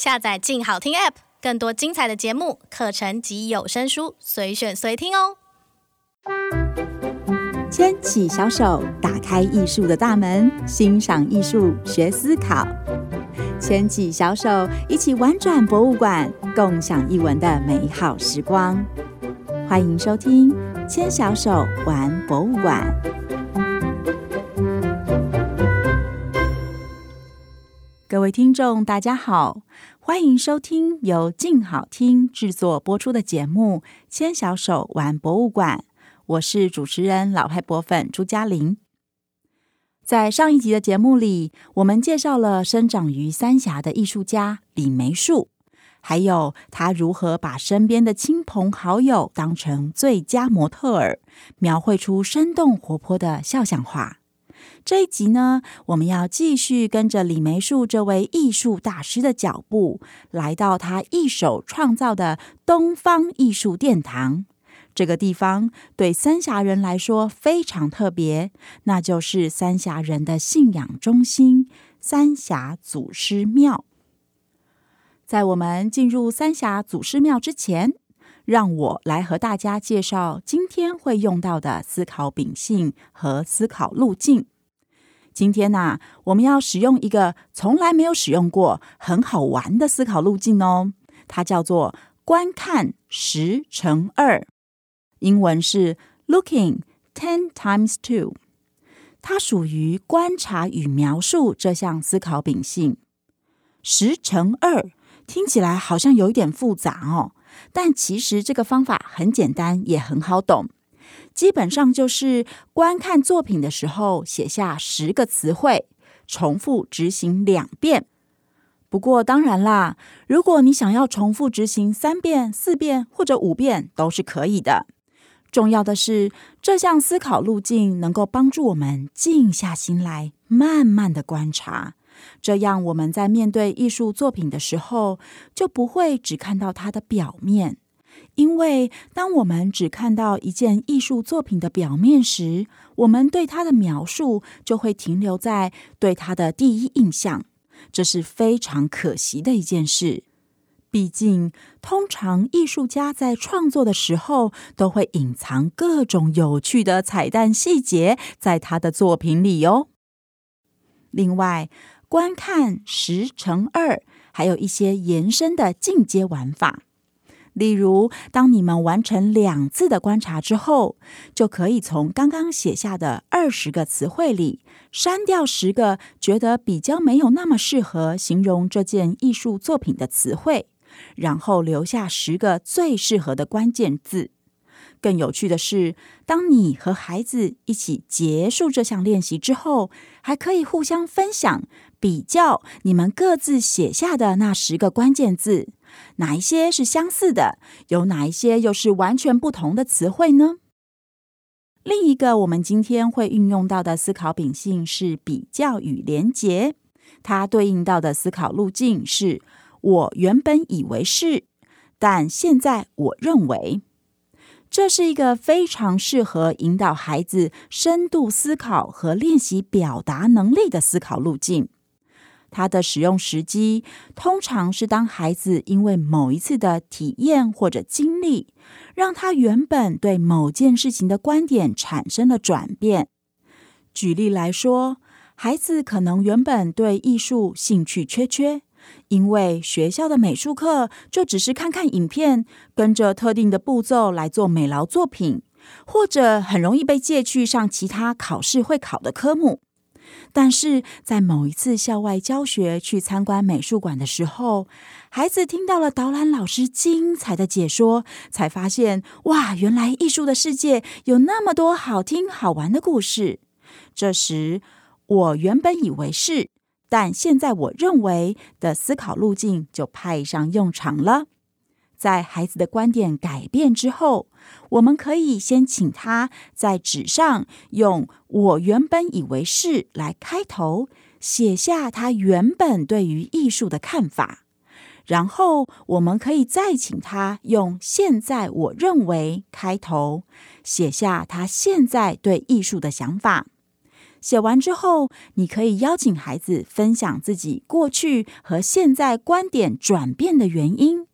下載“靜好聽 ”App，更多精彩的節目、課程及有聲書，隨選隨聽哦。牽起小手，打開藝術的大門，欣賞藝術，學思考。牽起小手，一起玩轉博物館，共享一文的美好時光。歡迎收聽《牽小手玩博物館》。各位聽眾，大家好，歡迎收聽由靜好聽製作播出的節目《牽小手玩博物館》，我是主持人老派博粉朱家琳。在上一集的節目裡，我們介紹了生長於三峽的藝術家李梅樹，還有他如何把身邊的親朋好友當成最佳模特兒，描繪出生動活潑的肖像畫。這一集呢，我們要繼續跟着李梅樹這位藝術大師的腳步，來到他一手創造的東方藝術殿堂。這個地方對三峽人來說非常特別，那就是三峽人的信仰中心——三峽祖師廟。在我們進入三峽祖師廟之前，讓我來和大家介紹今天會用到的思考秉性和思考路徑。今天呢、啊，我們要使用一個從來沒有使用過、很好玩的思考路徑哦。它叫做“觀看十乘二”，英文是 “Looking ten times two”。它屬於觀察與描述這項思考秉性。十乘二聽起來好像有一點複雜哦，但其實這個方法很簡單，也很好懂。基本上就是觀看作品的時候，寫下十個詞彙，重複執行兩遍。不過當然啦，如果你想要重複執行三遍、四遍或者五遍都是可以的。重要的是這項思考路徑能夠幫助我們靜下心來，慢慢的觀察。這樣我們在面對藝術作品的時候，就不會只看到它的表面。因為當我們只看到一件藝術作品的表面時，我們對它的描述就會停留在對它的第一印象，這是非常可惜的一件事。畢竟，通常藝術家在創作的時候都會隱藏各種有趣的彩蛋細節在他的作品裡哦。另外，觀看十乘二，還有一些延伸的進階玩法。例如，當你們完成兩次的觀察之後，就可以從剛剛寫下的二十個詞彙裡刪掉十個覺得比較沒有那麼適合形容這件藝術作品的詞彙，然後留下十個最適合的關鍵字。更有趣的是，當你和孩子一起結束這項練習之後，還可以互相分享。比較你們各自寫下的那十個關鍵字，哪一些是相似的？有哪一些又是完全不同的詞彙呢？另一個我們今天會運用到的思考秉性是比較與連結，它對應到的思考路徑是“我原本以為是，但現在我認為”。這是一個非常適合引導孩子深度思考和練習表達能力的思考路徑。它的使用時機通常是當孩子因為某一次的體驗或者經歷，讓他原本對某件事情的觀點產生了轉變。舉例來說，孩子可能原本對藝術興趣缺缺，因為學校的美術課就只是看看影片，跟着特定的步驟來做美勞作品，或者很容易被借去上其他考試會考的科目。但是在某一次校外教學去參觀美術館的時候，孩子聽到了導覽老師精彩的解說，才發現，哇，原來藝術的世界有那麼多好聽好玩的故事。這時，我原本以為是，但現在我認為的思考路徑就派上用場了。在孩子的觀點改變之後，我們可以先請他在紙上用“我原本以為是”來開頭，寫下他原本對於藝術的看法，然後我們可以再請他用“現在我認為”開頭，寫下他現在對藝術的想法。寫完之後，你可以邀請孩子分享自己過去和現在觀點轉變的原因。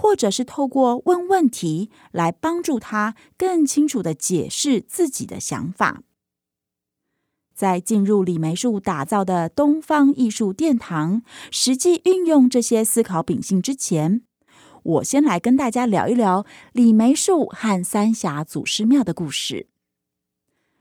或者是透過問問題來幫助他更清楚地解釋自己的想法。在進入李梅樹打造的東方藝術殿堂，實際運用這些思考秉性之前，我先來跟大家聊一聊李梅樹和三峽祖師廟的故事。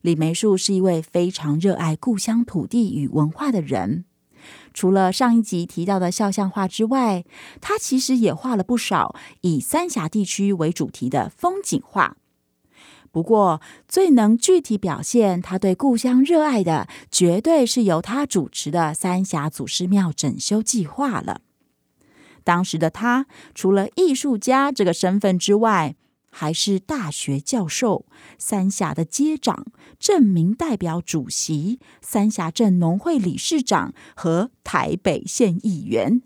李梅樹是一位非常熱愛故鄉土地與文化的人。除了上一集提到的肖像畫之外，他其實也畫了不少以三峽地區為主題的風景畫。不過，最能具體表現他對故鄉熱愛的，絕對是由他主持的三峽祖師廟整修計劃了。當時的他，除了藝術家這個身份之外，還是大學教授、三峽的街長、鎮民代表主席、三峽鎮農會理事長和台北縣議員。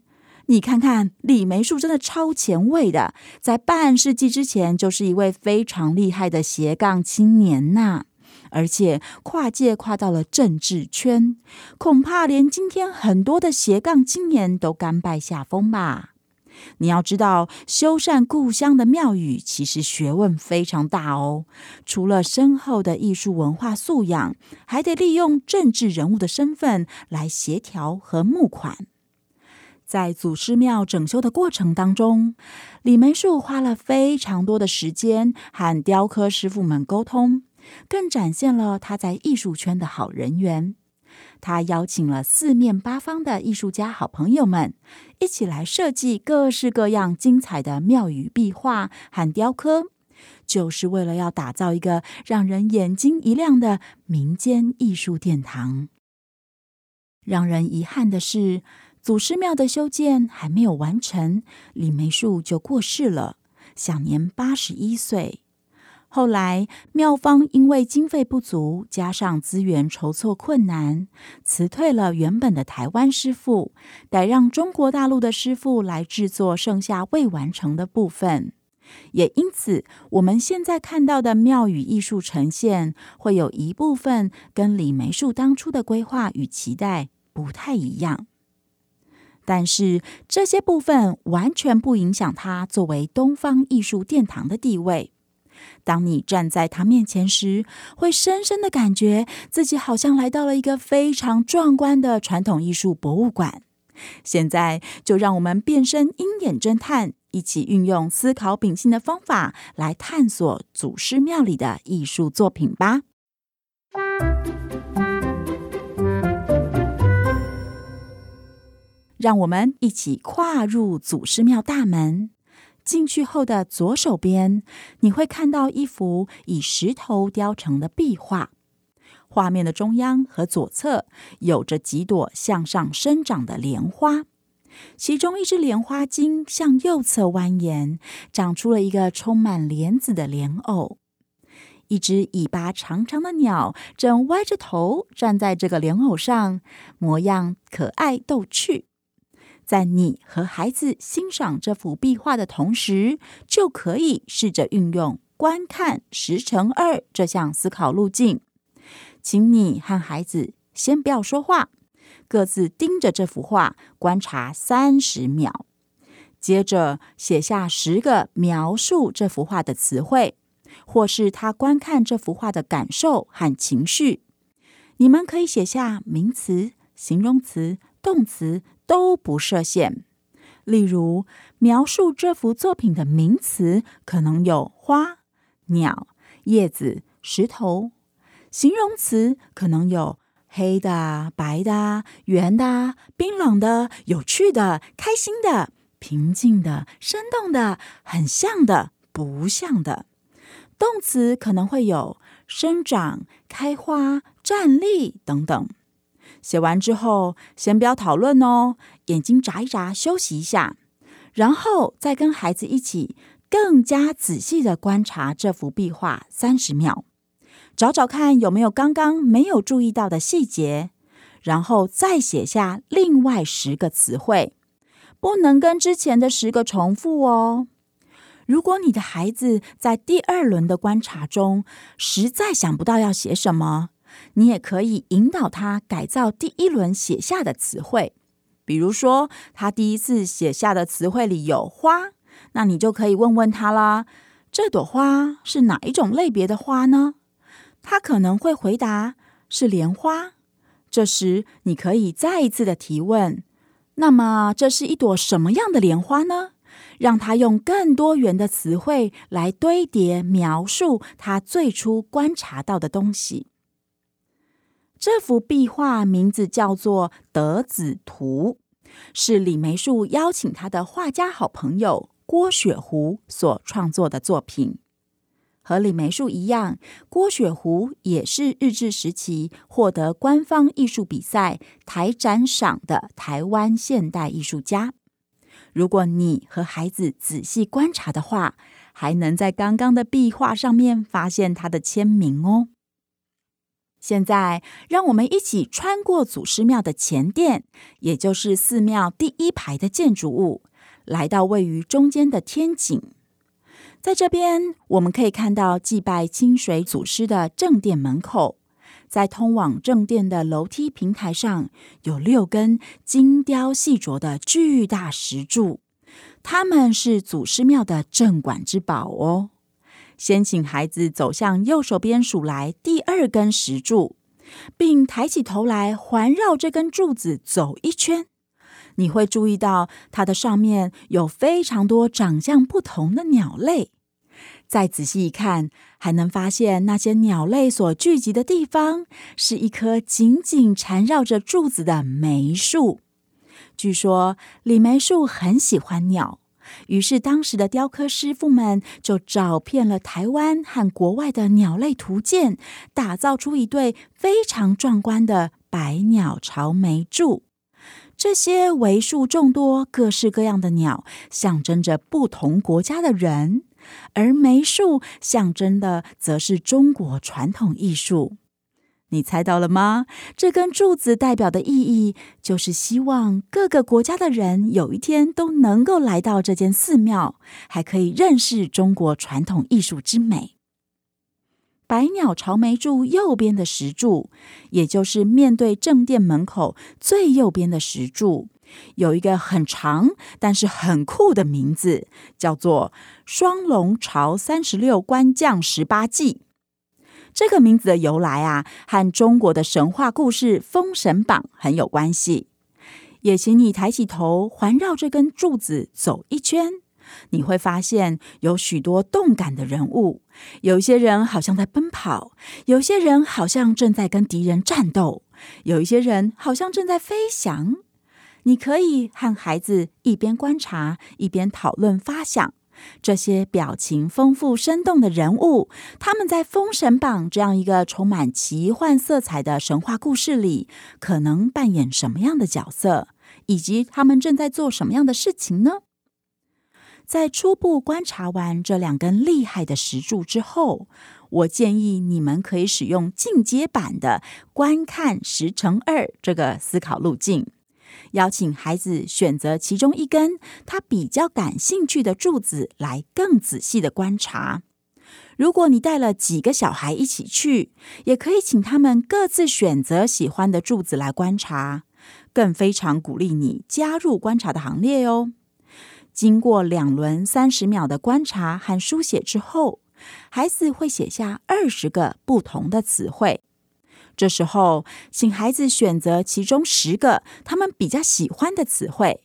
你看看李梅樹真的超前衛的，在半世紀之前就是一位非常厲害的斜槓青年吶，啊，而且跨界跨到了政治圈，恐怕連今天很多的斜槓青年都甘拜下風吧。你要知道，修繕故鄉的廟宇其實學問非常大哦。除了深厚的藝術文化素養，還得利用政治人物的身份來協調和募款。在祖師廟整修的過程當中，李梅樹花了非常多的時間和雕刻師傅們溝通，更展現了他在藝術圈的好人緣。他邀請了四面八方的藝術家、好朋友們，一起來設計各式各樣精彩的廟宇壁畫和雕刻，就是為了要打造一個讓人眼睛一亮的民間藝術殿堂。讓人遺憾的是，祖師廟的修建還沒有完成，李梅樹就過世了，享年八十一歲。後來，廟方因為經費不足，加上資源籌措困難，辭退了原本的台灣師傅，改讓中國大陸的師傅來制作剩下未完成的部分。也因此，我們現在看到的廟宇藝術呈現，會有一部分跟李梅樹當初的規劃與期待不太一樣。但是，這些部分完全不影響它作為東方藝術殿堂的地位。當你站在它面前時，會深深的感覺自己好像來到了一個非常壯觀的傳統藝術博物館。現在就讓我們變身鷹眼偵探，一起運用思考秉性的方法來探索祖師廟裡的藝術作品吧。讓我們一起跨入祖師廟大門。進去後的左手邊，你會看到一幅以石頭雕成的壁畫。畫面的中央和左側有着幾朵向上生長的蓮花，其中一隻蓮花莖向右側蜿蜒，長出了一個充滿蓮子的蓮藕。一隻尾巴長長的鳥正歪着頭站在這個蓮藕上，模樣可愛逗趣。在你和孩子欣賞這幅壁畫的同時，就可以試着運用“觀看十乘二”這項思考路徑。請你和孩子先不要說話，各自盯着這幅畫觀察三十秒，接着寫下十個描述這幅畫的詞彙，或是他觀看這幅畫的感受和情緒。你們可以寫下名詞、形容詞、動詞。都不設限。例如，描述這幅作品的名詞可能有花、鳥、葉子、石頭；形容詞可能有黑的、白的、圓的、冰冷的、有趣的、開心的、平靜的、生動的、很像的、不像的；動詞可能會有生長、開花、站立等等。寫完之後，先不要討論哦，眼睛眨一眨，休息一下，然後再跟孩子一起更加仔細的觀察這幅壁畫三十秒，找找看有沒有剛剛沒有注意到的細節，然後再寫下另外十個詞彙，不能跟之前的十個重複哦。如果你的孩子在第二輪的觀察中實在想不到要寫什麼，你也可以引導他改造第一輪寫下的詞彙，比如說他第一次寫下的詞彙裡有花，那你就可以問問他了：這朵花是哪一種類別的花呢？他可能會回答是蓮花。這時你可以再一次的提問：那麼這是一朵什麼樣的蓮花呢？讓他用更多元的詞彙來堆疊描述他最初觀察到的東西。這幅壁畫名字叫做《德子圖》，是李梅樹邀請他的畫家好朋友郭雪湖所創作的作品。和李梅樹一樣，郭雪湖也是日治時期獲得官方藝術比賽台展賞的台灣現代藝術家。如果你和孩子仔細觀察的話，還能在剛剛的壁畫上面發現他的簽名哦。現在，讓我們一起穿過祖師廟的前殿，也就是寺廟第一排的建築物，來到位於中間的天井。在這邊，我們可以看到祭拜清水祖師的正殿門口。在通往正殿的樓梯平台上，有六根精雕細琢的巨大石柱，它們是祖師廟的鎮館之寶哦。先請孩子走向右手邊數來第二根石柱，並抬起頭來環繞這根柱子走一圈。你會注意到它的上面有非常多長相不同的鳥類。再仔細一看，還能發現那些鳥類所聚集的地方是一棵緊緊纏繞着柱子的梅樹。據說，李梅樹很喜歡鳥。於是，當時的雕刻師傅們就找遍了台灣和國外的鳥類圖鑑，打造出一對非常壯觀的百鳥朝梅柱。這些為數眾多、各式各樣的鳥，象徵着不同國家的人，而梅樹象徵的，則是中國傳統藝術。你猜到了嗎？這根柱子代表的意義就是希望各個國家的人有一天都能夠來到這間寺廟，還可以認識中國傳統藝術之美。百鳥朝梅柱右邊的石柱，也就是面對正殿門口最右邊的石柱，有一個很長但是很酷的名字，叫做“雙龍朝三十六關將十八騎”。這個名字的由來啊，和中國的神話故事《封神榜》很有關係。也請你抬起頭，環繞這根柱子走一圈，你會發現有許多動感的人物。有一些人好像在奔跑，有一些人好像正在跟敵人戰鬥，有一些人好像正在飛翔。你可以和孩子一邊觀察，一邊討論發想。這些表情豐富、生動的人物，他們在《封神榜》這樣一個充滿奇幻色彩的神話故事裡，可能扮演什麼樣的角色？以及他們正在做什麼樣的事情呢？在初步觀察完這兩根厲害的石柱之後，我建議你們可以使用進階版的“觀看十乘二”這個思考路徑。邀請孩子選擇其中一根他比較感興趣的柱子，來更仔細的觀察。如果你帶了幾個小孩一起去，也可以請他們各自選擇喜歡的柱子來觀察，更非常鼓勵你加入觀察的行列哦。經過兩輪三十秒的觀察和書寫之後，孩子會寫下二十個不同的詞彙。這時候，請孩子選擇其中十個他們比較喜歡的詞彙。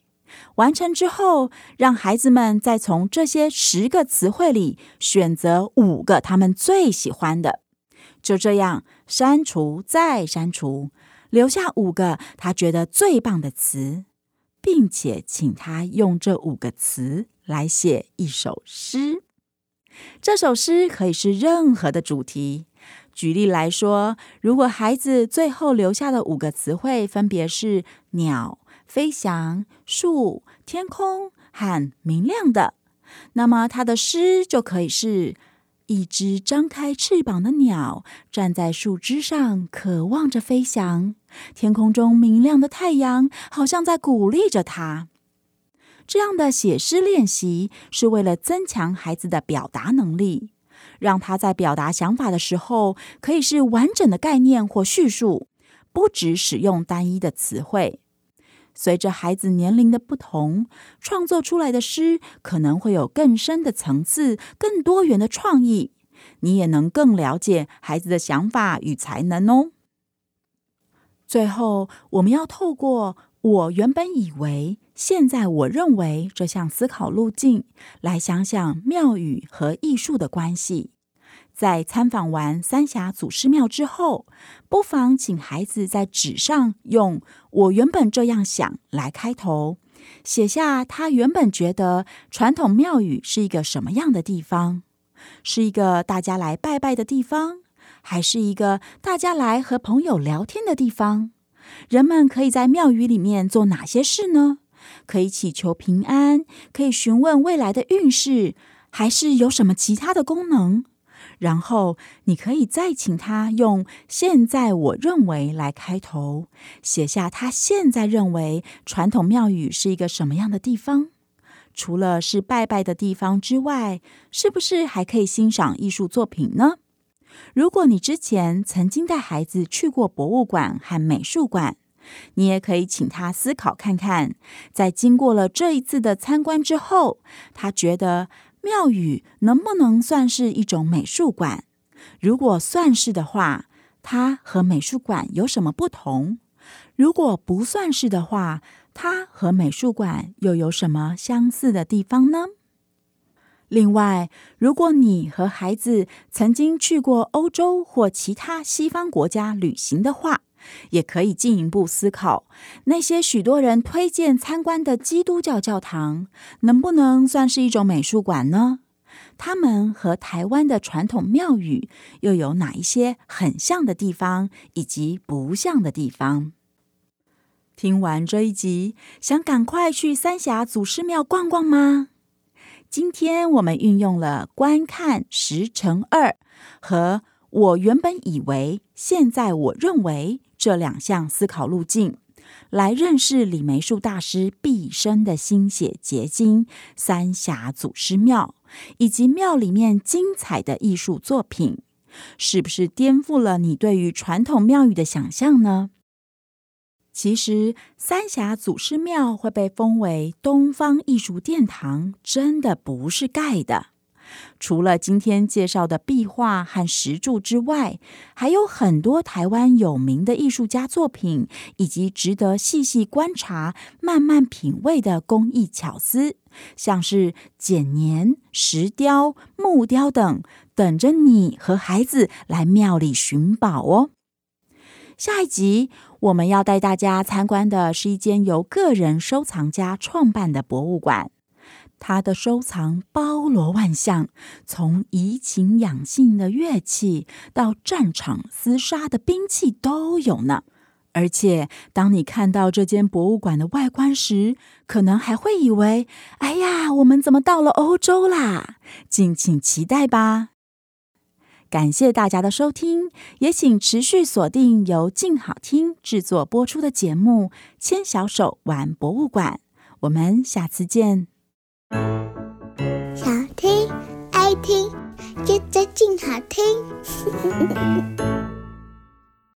完成之後，讓孩子們再從這些十個詞彙裡選擇五個他們最喜歡的。就這樣，刪除再刪除，留下五個他覺得最棒的詞，並且請他用這五個詞來寫一首詩。這首詩可以是任何的主題。舉例來說，如果孩子最後留下的五個詞彙分別是“鳥”、“飛翔”、“樹”、“天空”和“明亮的”，那麼他的詩就可以是：一隻張開翅膀的鳥站在樹枝上，渴望着飛翔。天空中明亮的太陽好像在鼓勵着他。這樣的寫詩練習是為了增強孩子的表達能力。讓他在表達想法的時候，可以是完整的概念或敘述，不只使用單一的詞彙。隨着孩子年齡的不同，創作出來的詩可能會有更深的層次、更多元的創意。你也能更了解孩子的想法與才能哦。最後，我們要透過“我原本以為”、“現在我認為”這項思考路徑，來想想廟宇和藝術的關係。在參訪完三峽祖師廟之後，不妨請孩子在紙上用“我原本這樣想”來開頭，寫下他原本覺得傳統廟宇是一個什麼樣的地方？是一個大家來拜拜的地方，還是一個大家來和朋友聊天的地方？人們可以在廟宇裡面做哪些事呢？可以祈求平安，可以詢問未來的運勢，還是有什麼其他的功能？然後，你可以再請他用“現在我認為”來開頭，寫下他現在認為傳統廟宇是一個什麼樣的地方。除了是拜拜的地方之外，是不是還可以欣賞藝術作品呢？如果你之前曾經帶孩子去過博物館和美術館，你也可以請他思考看看，在經過了這一次的參觀之後，他覺得，廟宇能不能算是一種美術館？如果算是的話，它和美術館有什麼不同？如果不算是的話，它和美術館又有什麼相似的地方呢？另外，如果你和孩子曾經去過歐洲或其他西方國家旅行的話，也可以進一步思考，那些許多人推薦參觀的基督教教堂，能不能算是一種美術館呢？它們和台灣的傳統廟宇又有哪一些很像的地方，以及不像的地方？聽完這一集，想趕快去三峽祖師廟逛逛嗎？今天我們運用了“觀看十乘二”和“我原本以為”，現在我認為，這兩項思考路徑，來認識李梅樹大師畢生的心血結晶——三峽祖師廟，以及廟裡面精彩的藝術作品，是不是顛覆了你對於傳統廟宇的想象？呢？其實，三峽祖師廟會被封為東方藝術殿堂，真的不是蓋的。除了今天介紹的壁畫和石柱之外，還有很多台灣有名的藝術家作品，以及值得細細觀察、慢慢品味的工藝巧思，像是剪黏、石雕、木雕等，等着你和孩子來廟裡尋寶哦。下一集我們要帶大家參觀的是一間由個人收藏家創辦的博物館。他的收藏包羅萬象，從怡情養性的樂器到戰場廝殺的兵器都有呢。而且，當你看到這間博物館的外觀時，可能還會以為：“哎呀，我們怎麼到了歐洲啦？”敬請期待吧。感謝大家的收聽，也請持續鎖定由鏡好聽製作播出的節目《牽小手玩博物館》。我們下次見。想聽，愛聽，覺得真好聽。